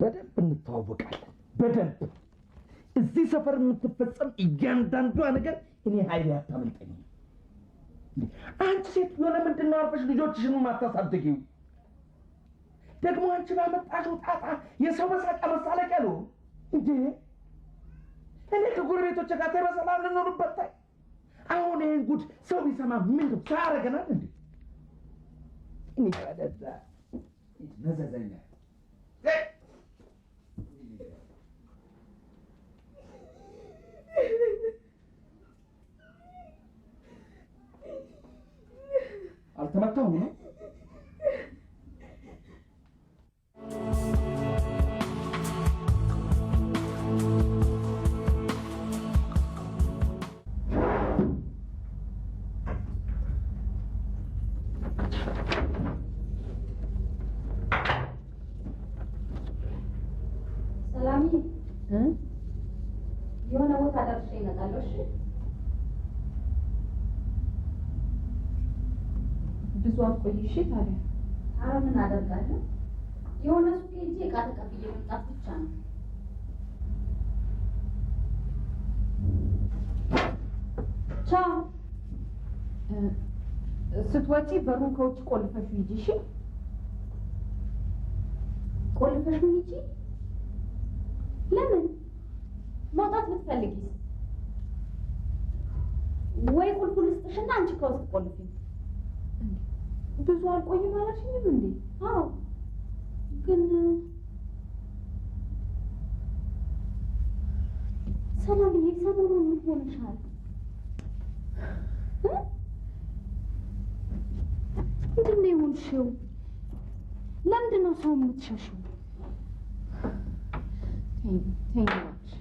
በደንብ እንተዋወቃለን። በደንብ እዚህ ሰፈር የምትፈጸም እያንዳንዷ ነገር እኔ ኃይል ያታመልጠኝ። አንቺ ሴት የሆነ ምንድን ነው አርፈሽ ልጆችሽን ማታሳድጊው? ደግሞ አንቺ ባመጣሽው ጣጣ የሰው መሳቂያ መሳለቂያ ነው እንጂ እኔ ከጎረቤቶች ጋር በሰላም ልኖርበት ታይ አሁን ይህን ጉድ ሰው ቢሰማ ምን ሳያረገናል እንዴ? እኔ መዘዘኛ ったのね。s a l a m n a wo h d s s t n ብዙ አቆይሽ። ታዲያ ኧረ ምን አደርጋለሁ? የሆነ ሱቅ ሄጄ እቃ ተቀብዬ መምጣት ብቻ ነው። ቻው። ስትወጪ በሩን ከውጭ ቆልፈሽ ሂጂ። እሺ፣ ቆልፈሽ ሂጂ። ለምን መውጣት ብትፈልጊ? ወይ ቁልፉ ልስጥሽና አንቺ ከውስጥ ቆልፊ። ብዙ አልቆይም አላልሽኝም እንዴ? አዎ። ግን ሰላምዬ፣ ሰሞኑን ምን ሆነሻል? ምንድን ነው የሆንሽው? ለምንድን ነው ሰው የምትሸሽው? ተይኝ እባክሽ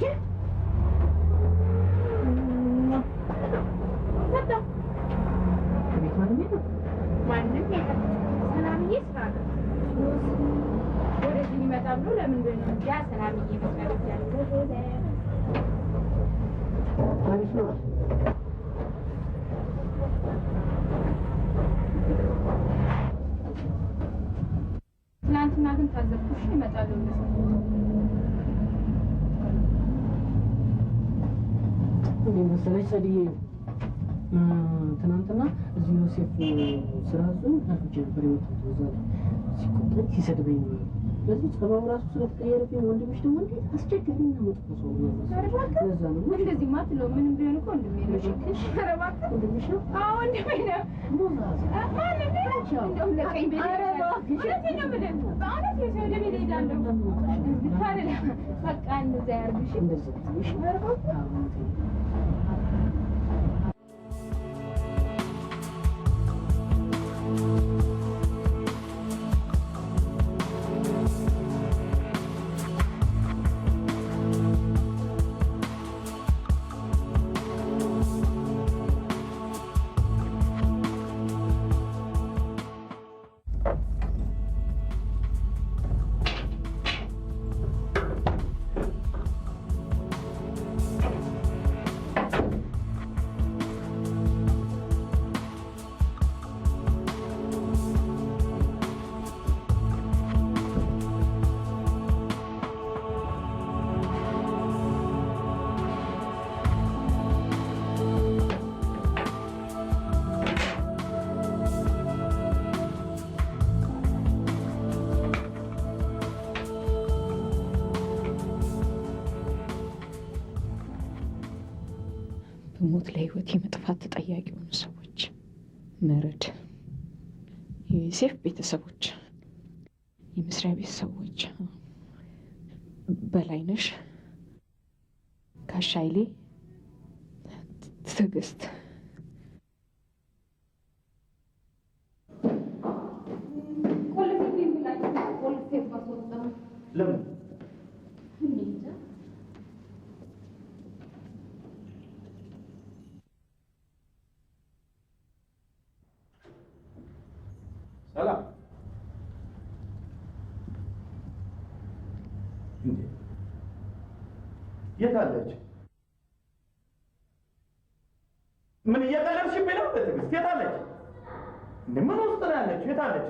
Sakin. ማንም ይመጣ ብሎ ለምንድን ነው እንጃ። ሰላምዬ ትናንትና ግን ታዘብኩሽ ይመጣሉ ምን የመሰለች ሰድዬ ትናንትና እዚህ ዮሴፍ ስራ ዙ ነበር የመጣሁት። እዛ ላይ ሲሰድበኝ ነው። ስለዚህ ጸባው ራሱ ስለተቀየረብኝ ወንድምሽ ደግሞ እንዴ አስቸጋሪ እና መጥፎ ሰው ነው። ነው እንደዚህ ምንም ቢሆን እኮ ወንድሜ ነው። ወንድምሽ ነው። ወንድሜ ነው። ማንም ሌላ እንደውም በእውነት በእውነት የሰው ልብ እሄዳለሁ ብቻ አይደለም በቃ እንደዚያ ያርግሽ በሞት ለህይወት የመጥፋት ተጠያቂ የሆኑ ሰዎች መረድ፣ የዩኒሴፍ ቤተሰቦች፣ የመስሪያ ቤት ሰዎች፣ በላይነሽ ካሻይሌ ትዕግስት ለምን ሰላም የት አለች? ምን እየቀለብሽብኝ ነው? በትዕግስት የት አለች? ምን ውስጥ ነው ያለችው? የት አለች?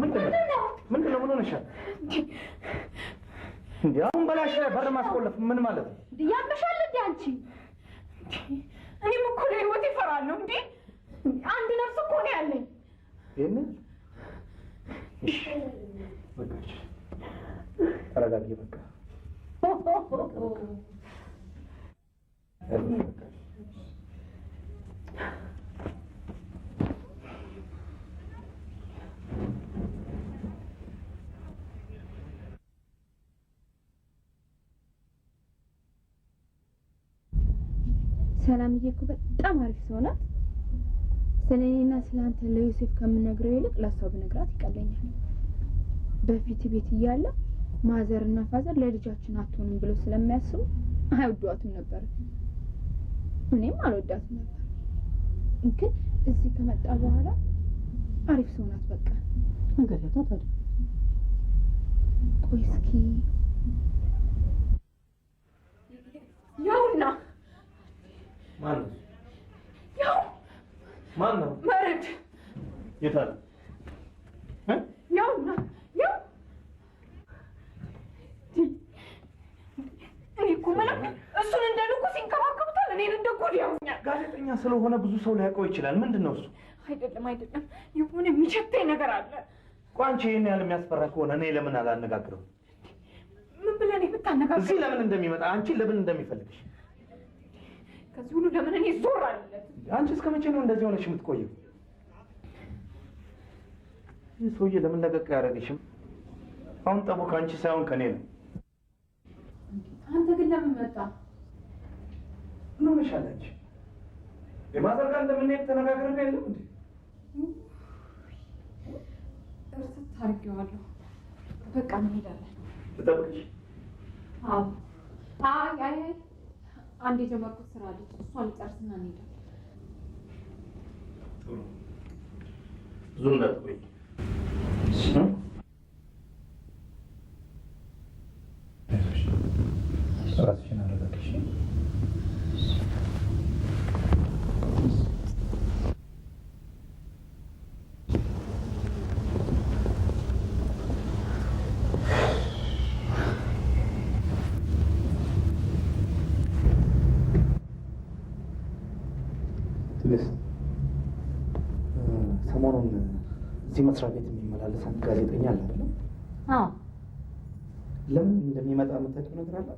ምንድነው ምን ሆነሻል? እንዴ አሁን በላሽ ላይ በር ማስቆለፍ ምን ማለት ነው? ያበሻል እንዴ አንቺ! እኔም እኮ ለህይወት ይፈራለሁ። እንዲ አንድ ነፍስ እኮ ነው ያለኝ። ይሄን ተረጋጊ። በቃ ሰላምዬ እኮ በጣም አሪፍ ሰው ናት። ስለ እኔና ስለ አንተ ለዮሴፍ ከምነግረው ይልቅ ለእሷ ብነግራት ይቀለኛል። በፊት ቤት እያለ ማዘርና ፋዘር ለልጃችን አትሆንም ብሎ ስለሚያስቡ አይወዷትም ነበር። እኔም አልወዳትም ነበር። ግን እዚህ ከመጣ በኋላ አሪፍ ሰው ናት። በቃ እንገለታት አይደል? ቆይ እስኪ የት አለ? ያው ያው እኔ እኮ እሱን እንደ ንጉስ ሲንከባከቡታል፣ እኔን እንደ ጉድ ያውኛል። ጋዜጠኛ ስለሆነ ብዙ ሰው ሊያውቀው ይችላል። ምንድን ነው እሱ? አይደለም አይደለም፣ የሆነ የሚቸተኝ ነገር አለ። ቆይ ይህን ያህል የሚያስፈራ ከሆነ እኔ ለምን አላነጋግረው? ምን ብለን የምታነጋግረው? እዚህ ለምን እንደሚመጣ አንቺን ለምን እንደሚፈልግሽ ከዚህ ሁሉ ለምን እኔ ዞር አለ? አንቺ እስከ መቼ ነው እንደዚህ ሆነሽ የምትቆየው? ይህ ሰውዬ ለምን ለቀቅ ያደረግሽም? አሁን ጠቡ ከአንቺ ሳይሆን ከኔ ነው። አንተ ግን ለምን መጣ? ምን ሆነሻለች? የማዘር ጋር እንደምንሄድ ተነጋግረን የለም እንዴ? እርስት ታርጌዋለሁ። በቃ እንሄዳለን። ልጠብቅሽ? አዎ። አይ አይ አንድ የጀመርኩት ስራ አለች። እሷ ልጨርስና እንሄዳለን። ጥሩ ብዙ እንዳትቆይ 소식을 그래서 어, 사모는 እዚህ መስሪያ ቤት የሚመላለስ አንድ ጋዜጠኛ አለ አይደለም? ለምን እንደሚመጣ የምታውቂው ነገር አለ?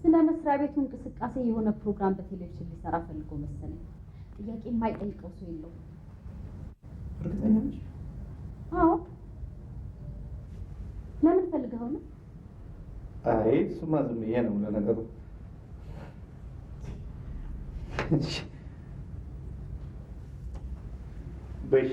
ስለ መስሪያ ቤቱ እንቅስቃሴ የሆነ ፕሮግራም በቴሌቪዥን ሊሰራ ፈልጎ መሰለኝ። ጥያቄ የማይጠይቀው ሰው የለው። እርግጠኛ ነች? አዎ። ለምን ፈልገው ነው? አይ እሱማ ዝም ብዬ ነው ለነገሩ። በሽ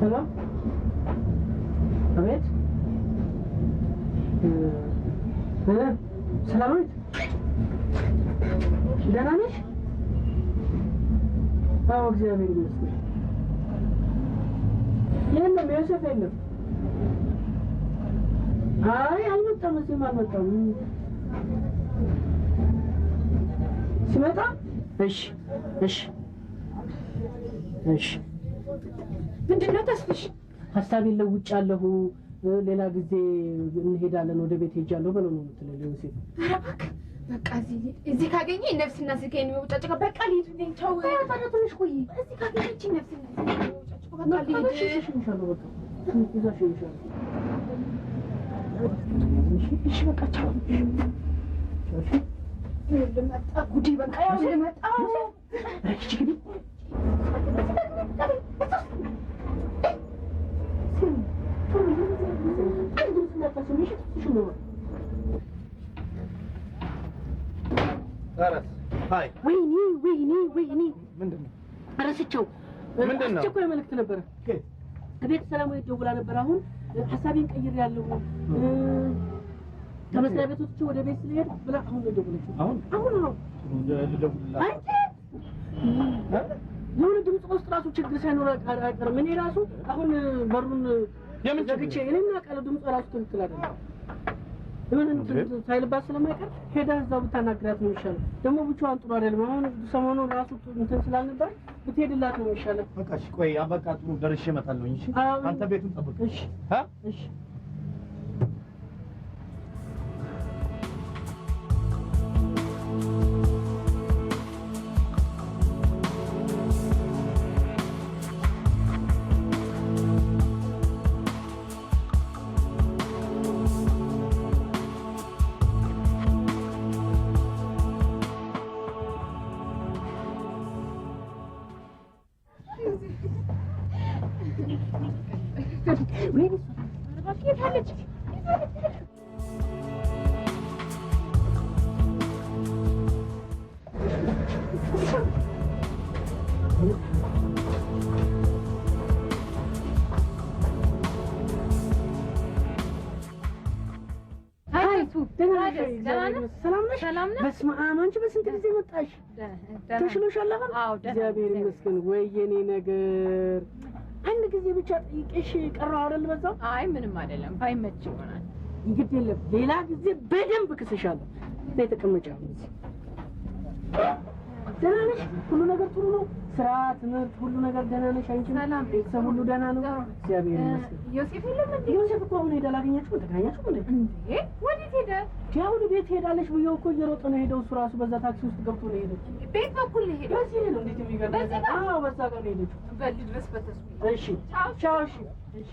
Selam. Evet. Ee, evet. Selam et. Denemiş. Ha bak cevabı gidiyorsun. Yendim Yusuf efendim. Ay almatta mısın almatta mı? Simeta? Beş. Beş. እሺ ምንድነው ተስፍሽ? ሀሳቤን ለውጫለሁ፣ ሌላ ጊዜ እንሄዳለን፣ ወደ ቤት ሄጃለሁ ብለው ነው የምትለው ዮሴፍ። ኧረ እባክህ በቃ እዚህ ካገኘ ነፍስና ስልክ የሚወጫጭቀው በቃ ልሂድ። ተው ትንሽ ቆይ፣ እዚህ ካገኘች ነፍስና በቃ ልሂድ። ስምሽ ነው። አራስ ሃይ ወይኔ ወይኔ ወይኔ ምንድን ነው ረስቸው አስቸኳይ መልዕክት ነበረ። ከቤት ሰላማዊ ደውላ ነበር። አሁን ሀሳቤን ያለው ከመስሪያ ቤቶቹ ወደ ቤት ስለሄድ ብላ አሁን ነው ደውለችው። አሁን አሁን የሆነ ድምፅ ውስጥ ራሱ ችግር ሳይኖር አይቀርም። እኔ ራሱ አሁን በሩን የምን ዘግቼ እኔና ቃል ድምፅ ራሱ ትክክል አይደለም። የሆነ እንትን ሳይልባት ስለማይቀር ሄዳ እዛው ብታናግራት ነው የሚሻለው። ደግሞ ብቻዋን ጥሩ አይደለም። አሁን ሰሞኑን ራሱ እንትን ስላልነበረ ብትሄድላት ነው የሚሻለው። በቃ እሺ፣ ቆይ አበቃ፣ ጥሩ ደርሼ እመጣለሁ። እሺ፣ አንተ ቤቱን ጠብቅ። እሺ፣ እሺ ሰላም ነሽ? በስመ አብ አንቺ በስንት ጊዜ መጣሽ? ተሽሎሻል? አሁን እግዚአብሔር ይመስገን። ወይ የኔ ነገር አንድ ጊዜ ብቻ ጠይቄሽ ቀረሁ አይደል? በዛው አይ ምንም አይደለም፣ ባይመች ይሆናል። እንግዲህ የለም ሌላ ጊዜ በደንብ ክስሻለሁ። ተቀመጫ ደህና ነሽ? ሁሉ ነገር ጥሩ ነው? ስራ፣ ትምህርት፣ ሁሉ ነገር ደህና ነሽ? ሰላም፣ ቤተሰብ ሁሉ ደህና ነው? እግዚአብሔር ይመስገን። ዮሴፍ የለም እንዴ? ዮሴፍ እኮ አሁን ሄዳ ላገኛችሁ ተገናኛችሁ እንዴ? እንዴ ወዴት ሄደ? አሁን ቤት ሄዳለች ብዬው እኮ እየሮጠ ነው ሄደው። እሱ ራሱ በዛ ታክሲ ውስጥ ገብቶ ነው ሄደች። ቤት በኩል ነው ሄደው። በዚህ ነው እንዴት የሚገርም ነገር። አዎ በዛ ጋር ነው ሄደች። በል ድረስ በተስፋ እሺ። ቻው። እሺ እሺ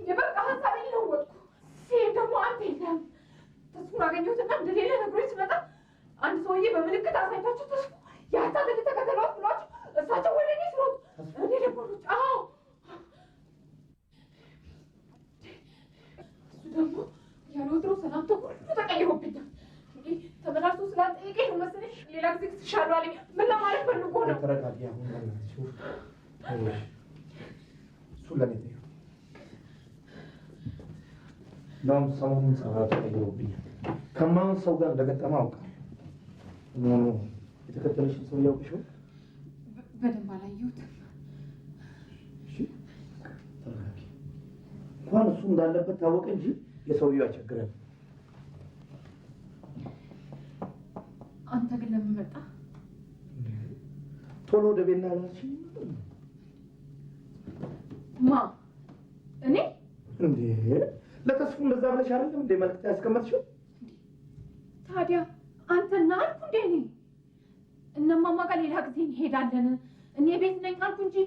ደግሞ ያለወትሮ ሰላምታ ሁሉ ተቀይሮብኛል። ነው መሰለሽ ሌላ ጊዜ ትሻሉ አለኝ። ምን ለማለት ፈልጎ ነው? ሰሞኑን ተቀይሮብኛል። ከማን ሰው ጋር እንደገጠመ አውቃለሁ። ሆኖ የተከተለሽን ሰው በደንብ አላየሁትም እንኳን እሱ እንዳለበት ታወቀ እንጂ የሰውየው አቸግረን። አንተ ግን ለምን መጣ? ቶሎ ወደ ቤት ና ማ እኔ እንዴ ለተስፉ እንደዛ ብለሽ አይደለም እንዴ መልዕክት ያስቀመጥሽው? ታዲያ አንተና አልኩ እንዴ እኔ እነማማ ጋር ሌላ ጊዜ እንሄዳለን እኔ ቤት ነኝ አልኩ እንጂ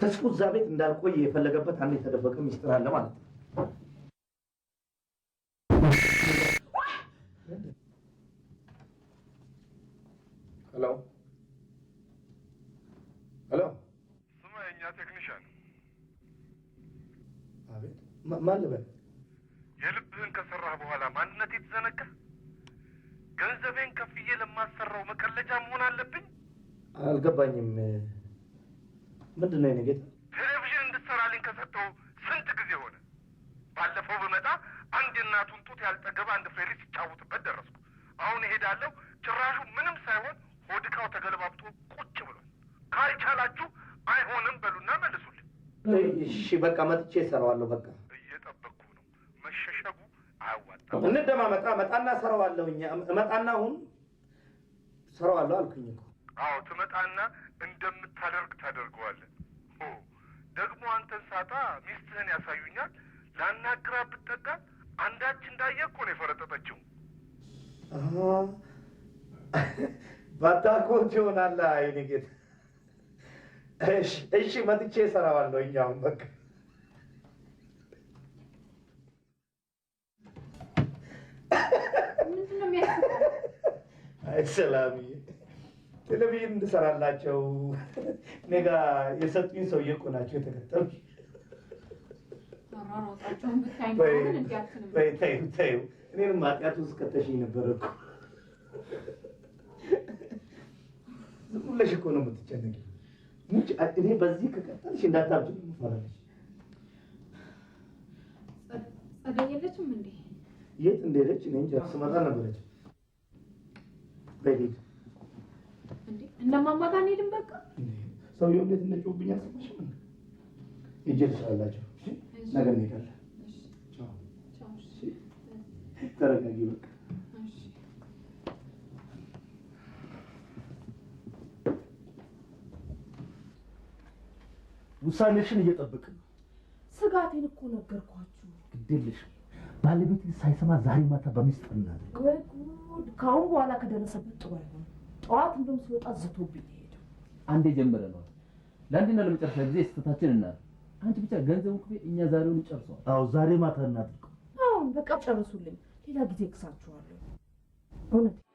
ተስፉ እዛ ቤት እንዳልቆይ የፈለገበት አንድ የተደበቀ ሚስጥር አለ ማለት ነው። ሄሎ ሄሎ፣ ስማ፣ የእኛ ቴክኒሻን። አቤት፣ ማን ልበል? የልብህን ከሰራህ በኋላ ማንነት የተዘነጋ ገንዘቤን ከፍዬ ለማሰራው መቀለጃ መሆን አለብኝ? አልገባኝም። ምንድን ነው የእኔ ጌታ? ቴሌቪዥን እንድትሰራልኝ ከሰጠው ስንት ጊዜ ሆነ። ባለፈው በመጣ አንድ የእናቱን ጡት ያልጠገበ አንድ ፍሬ ልጅ ሲጫወትበት ደረስኩ። አሁን እሄዳለሁ። ጭራሹ ምንም ሳይሆን ሆድቃው ተገለባብቶ ቁጭ ብሏል። ካልቻላችሁ አይሆንም በሉና መልሱልኝ። እሺ በቃ መጥቼ እሰራዋለሁ። በቃ እየጠበቅኩ ነው። መሸሸጉ አያዋጣም። እንደማ መጣ መጣና እሰራዋለሁ። እኛ እመጣና አሁን እሰራዋለሁ አልኩኝ እኮ። አዎ ትመጣና እንደምታደርግ ታደርገዋለህ። ደግሞ አንተን ሳጣ ሚስትህን ያሳዩኛል። ላናግራ ብጠጋ አንዳች እንዳየ እኮ ነው የፈረጠጠችው። ባታጎት ይሆናል። አይኔ ጌታ፣ እሺ መጥቼ እሰራዋለሁ። እኛውም በቃ አይ ሰላምዬ ቴሌቪዥን እንድሰራላቸው ኔጋ የሰጡኝ ሰውዬ እኮ ናቸው የተከተሉ። ተይው እኔንም ማጥቃቱ ውስጥ ከተሽኝ ነበረ እኮ ዝም ብለሽ እኮ ነው የምትጨነቂ። እኔ በዚህ ከቀጠልሽ የለችም እንዴ? የት እንደሄደች እኔ እንጃ። ስመጣ ነበረች በሄድ እንደማማጋ እንሄድም በቃ ሰውየው እንዴት እንደጮህብኝ አስበሽ እጄ ትችላላችሁ። ነገ እንሄዳለን። ተረጋጊ በቃ ውሳኔሽን እየጠበቅን ነው። ስጋቴን እኮ ነገርኳችሁ። ግዴለሽም ባለቤት ሳይሰማ ዛሬ ማታ በሚስጥር እናደርግ። ወይ ጉድ! ከአሁን በኋላ ከደረሰበት ጥሩ አይሆንም። ጠዋት እንደውም ሲወጣ ዝቶብኝ ሄደው። አንዴ ጀመረ ነው ለአንዴና ለመጨረሻ ጊዜ ስህተታችን እና አንቺ ብቻ ገንዘቡ ክፍሌ እኛ ዛሬውን ጨርሷል። አዎ ዛሬ ማታ እናድርገው። አዎ በቃ ጨርሱልኝ። ሌላ ጊዜ እክሳችኋለሁ እውነት